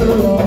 Yolua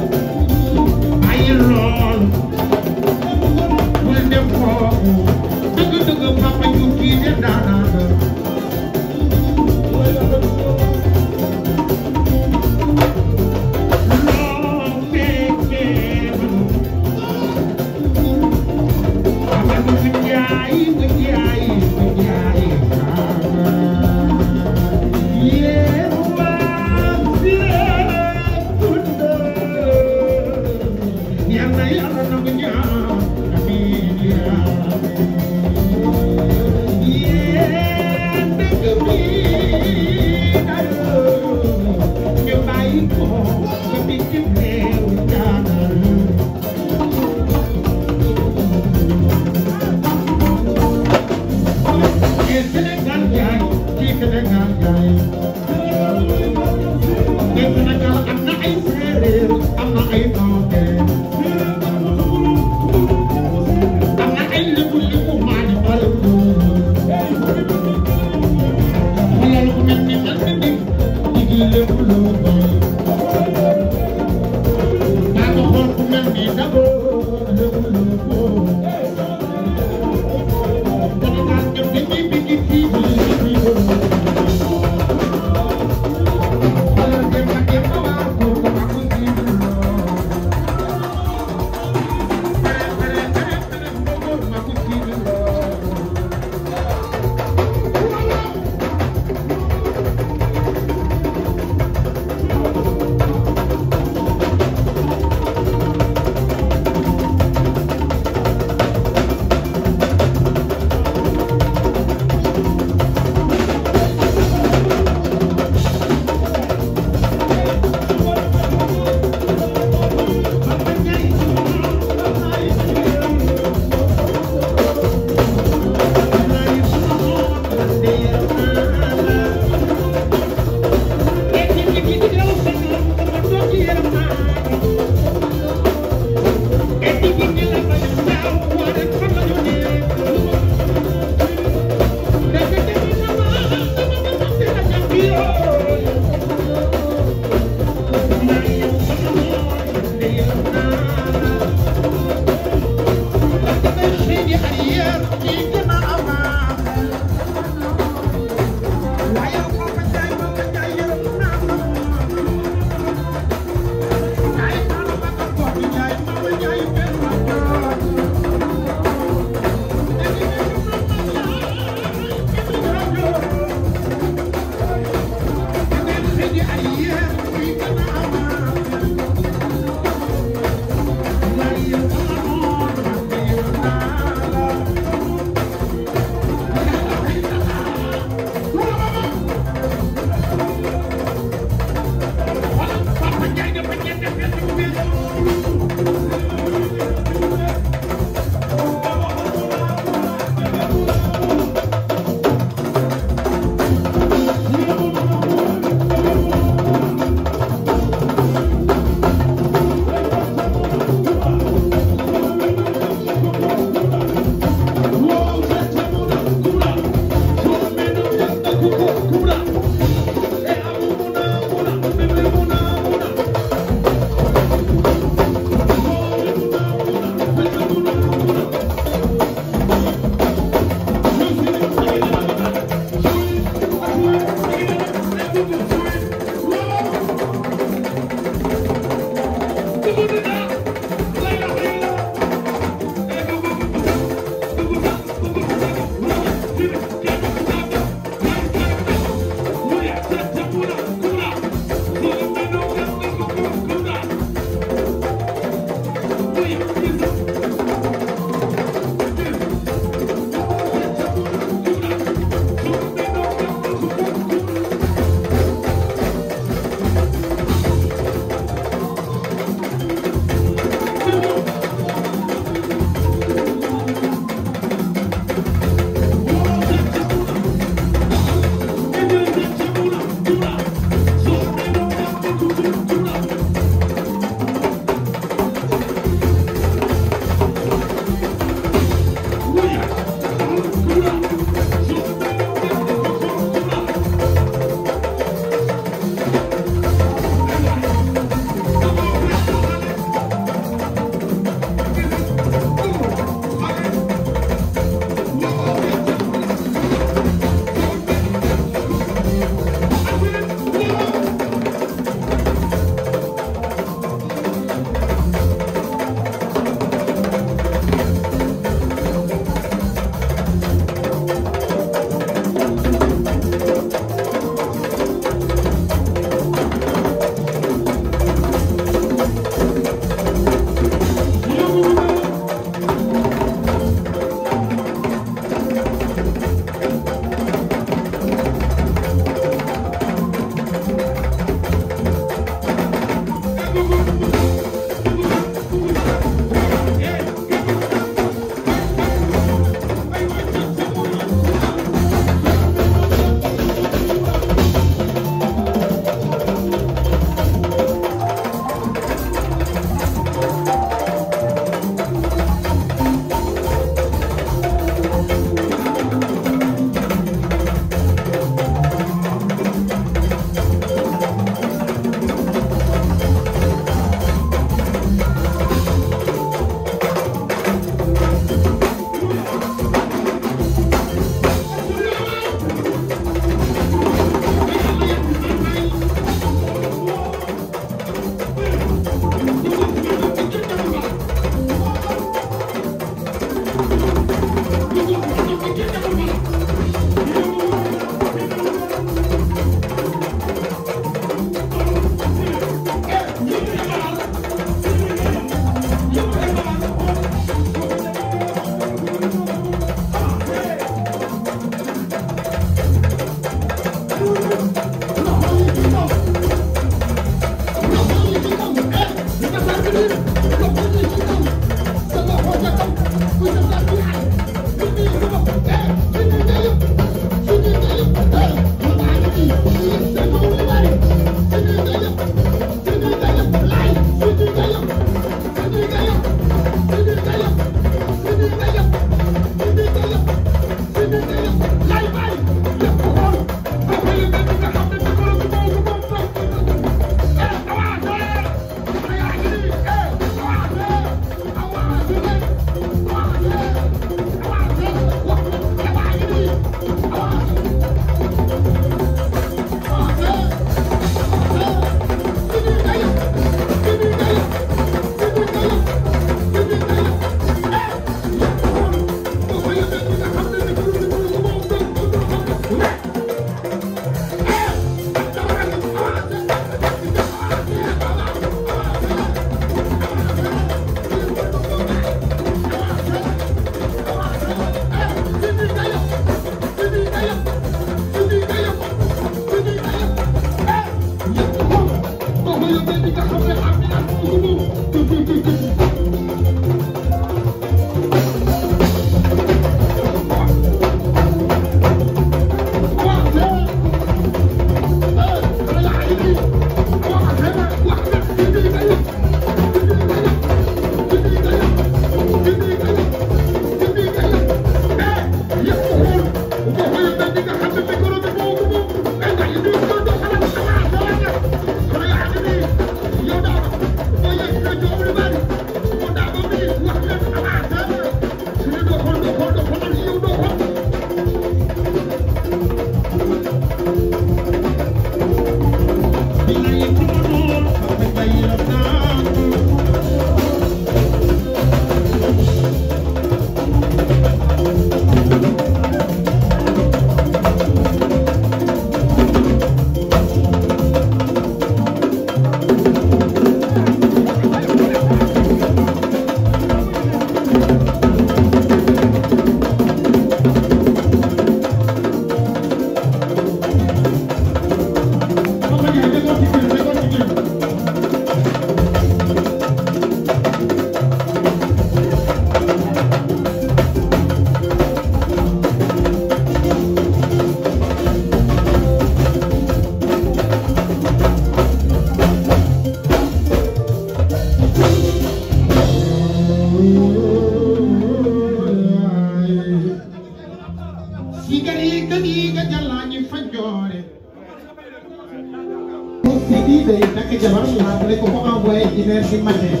weer di matin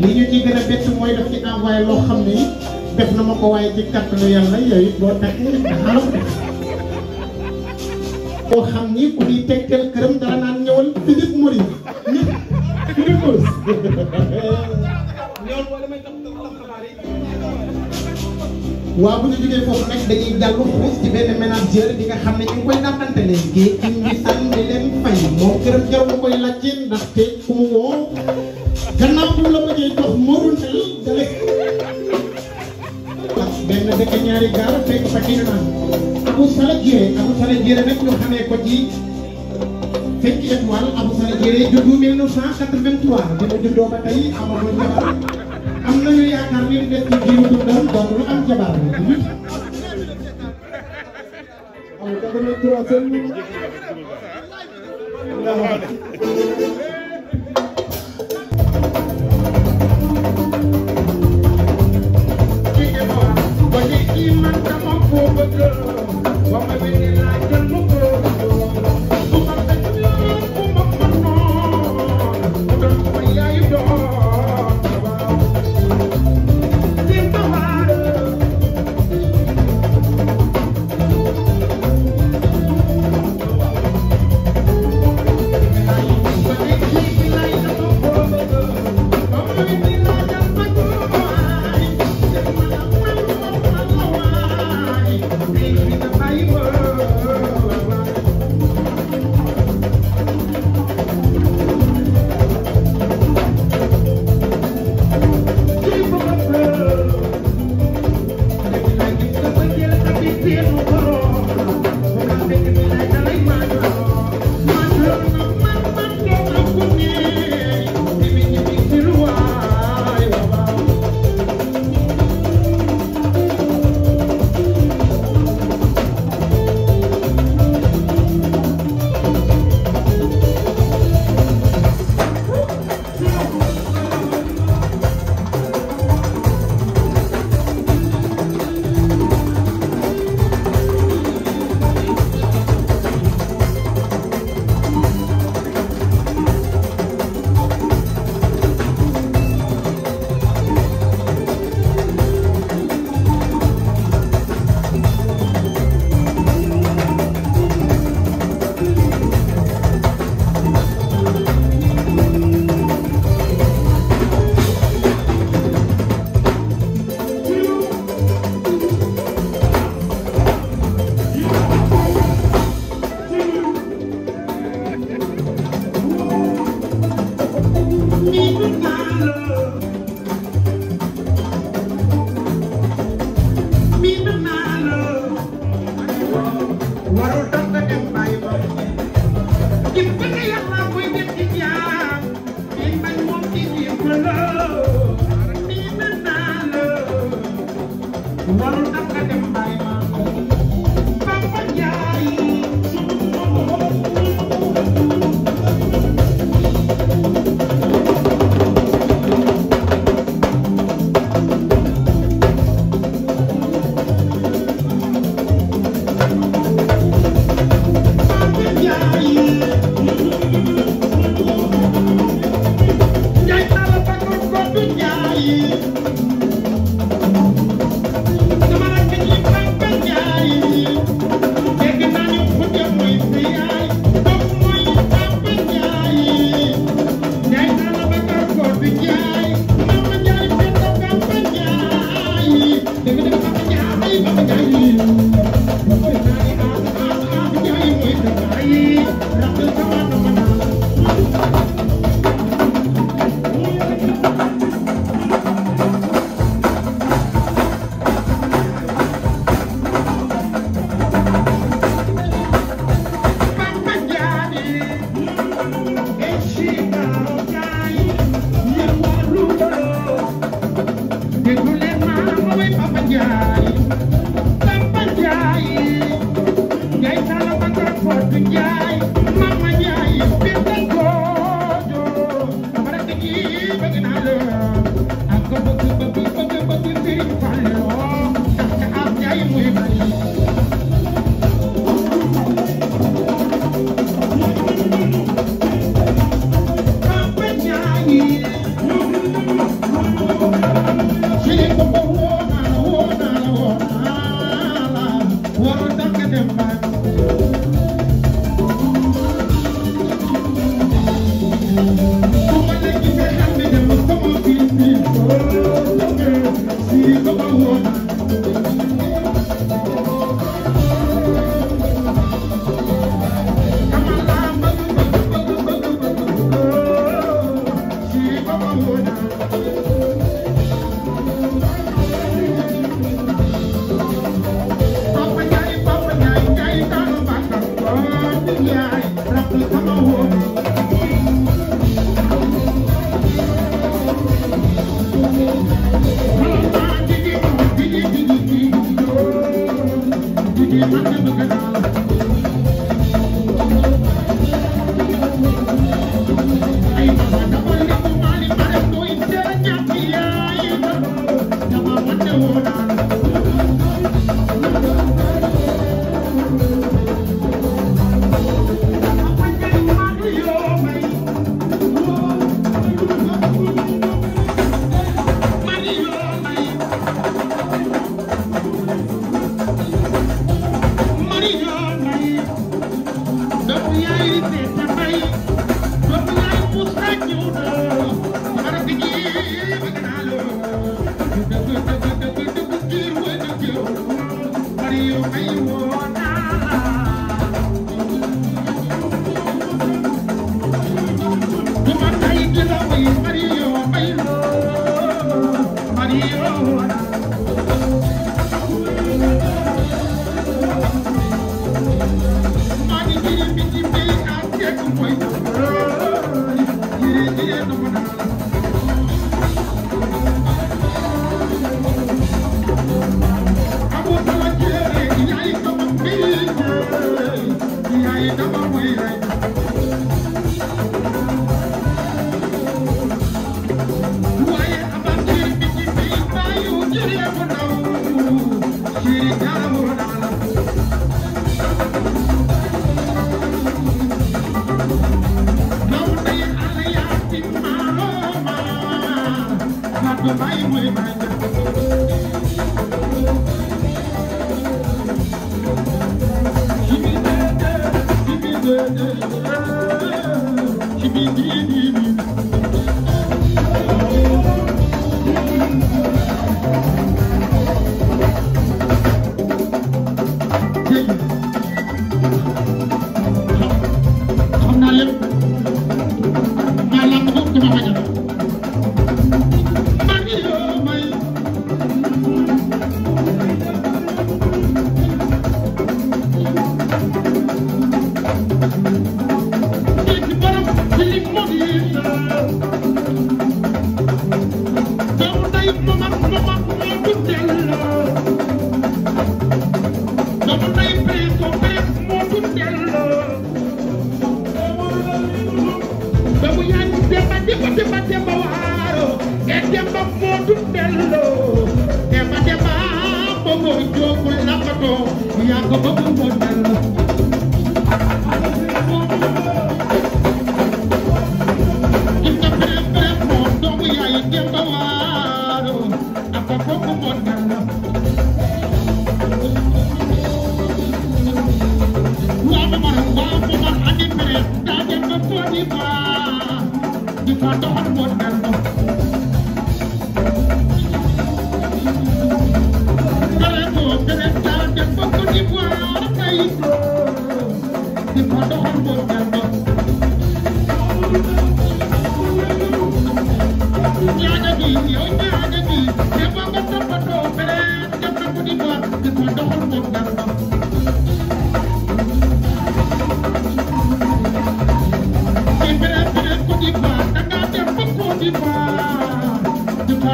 li ñu ci gën a bett mooy daf ci envoyé loo xam ne def na ma ko waaye ci kàttanu yàlla yooyu it boo takkee dara ku di tegtal këram dara naan ñëwal Philippe Maurice ñëpp Philippe Maurice waaw bu ñu jógee foofu nag dañuy jàll xuus ci benn ménageur bi xam ne ñu koy nappante leen kii indi sànni leen fay moom këram jarul koy laajte ndaxte ku mu gannaaw bu la bëggee jox Modou Ndeye Jalle ndax benn dëkk ñaari gaar fekk fa naan Abou Sala Diéré Abou Sala Diéré nag ñu xamee ko ci fekk étoile Abou Sala Diéré juddu 1983 bi mu juddoo ba tey amagul jabar am nañu yaakaar ni des ci jiwu dundam donc lu am jabar la tamit. waaw dama ne 3 semaines. ku bëgg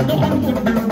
Don't hold me down.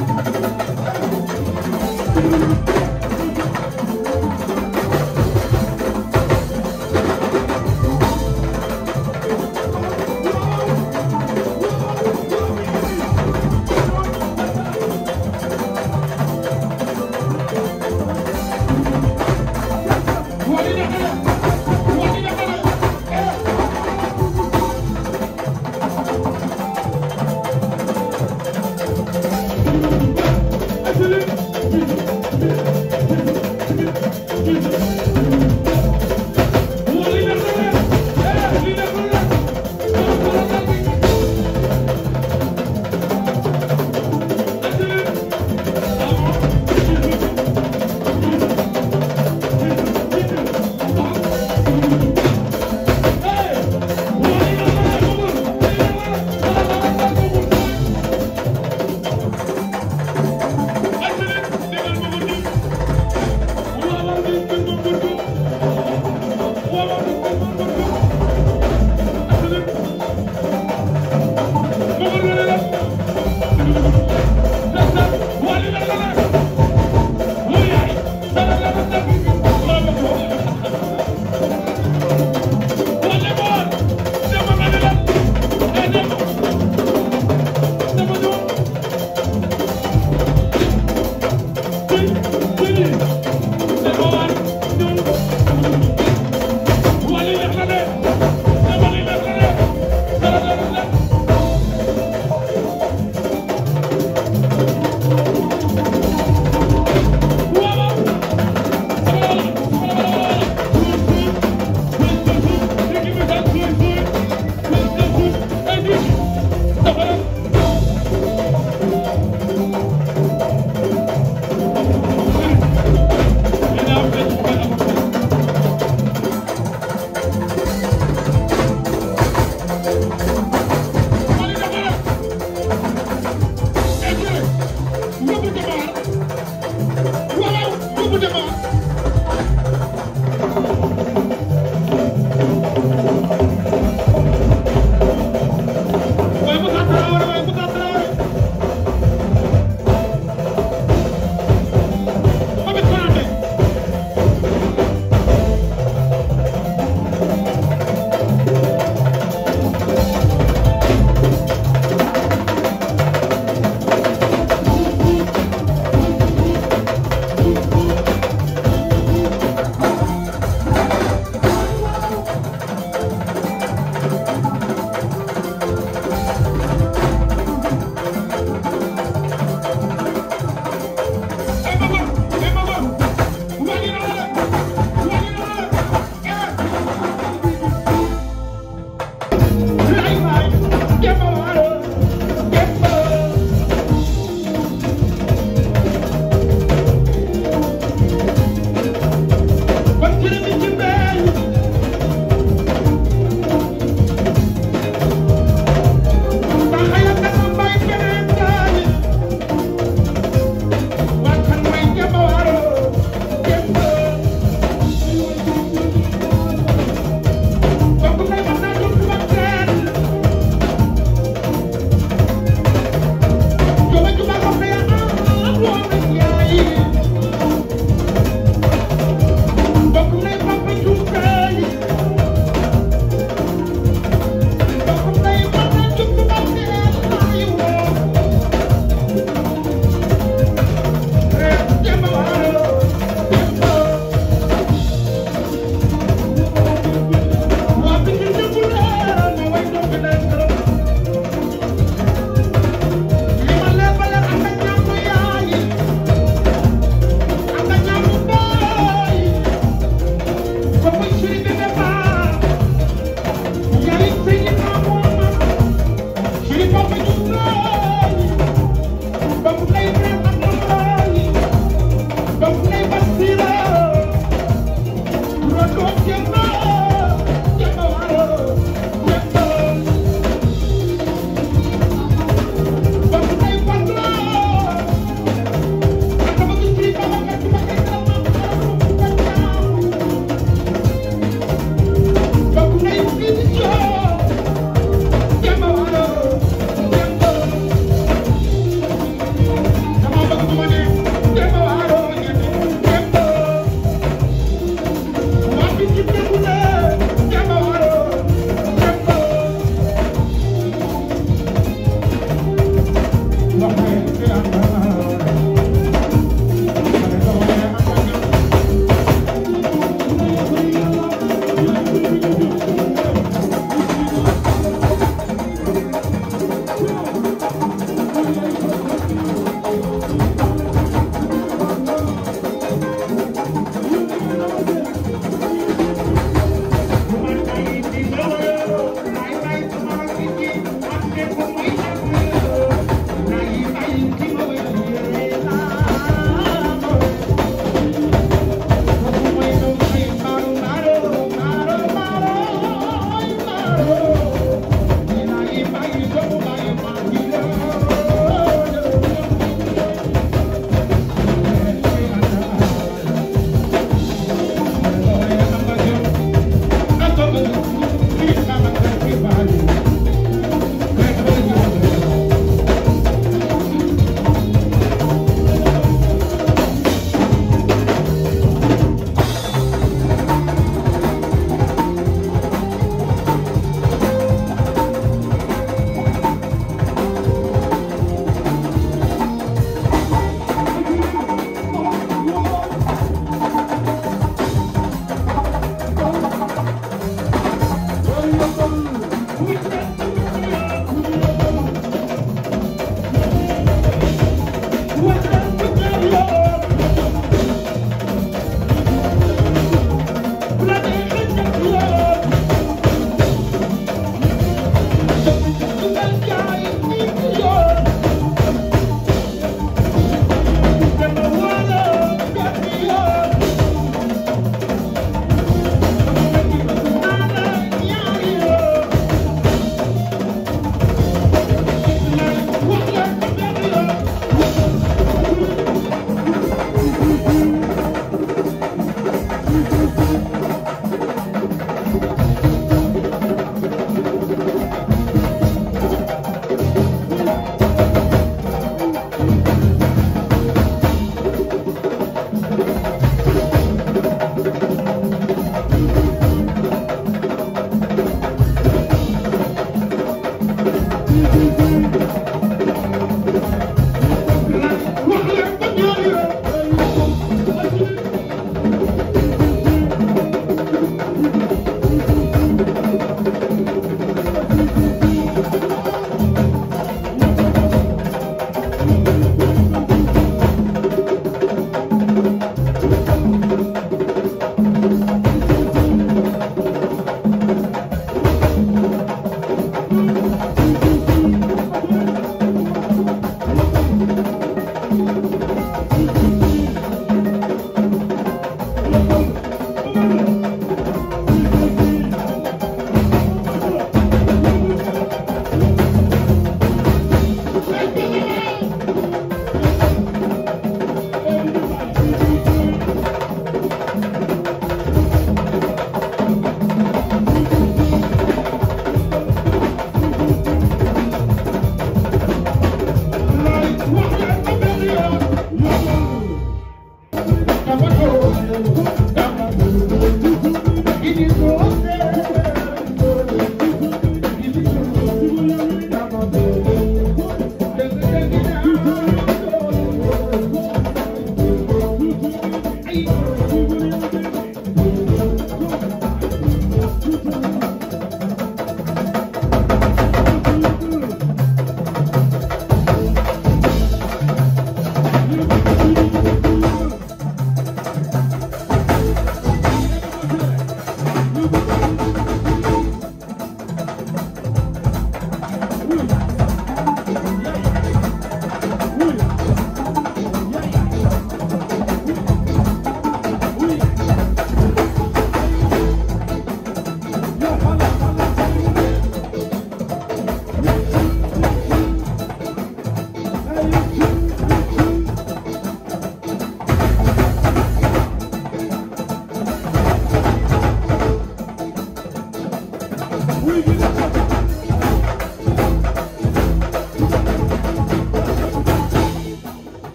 Thank you.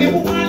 Thank you.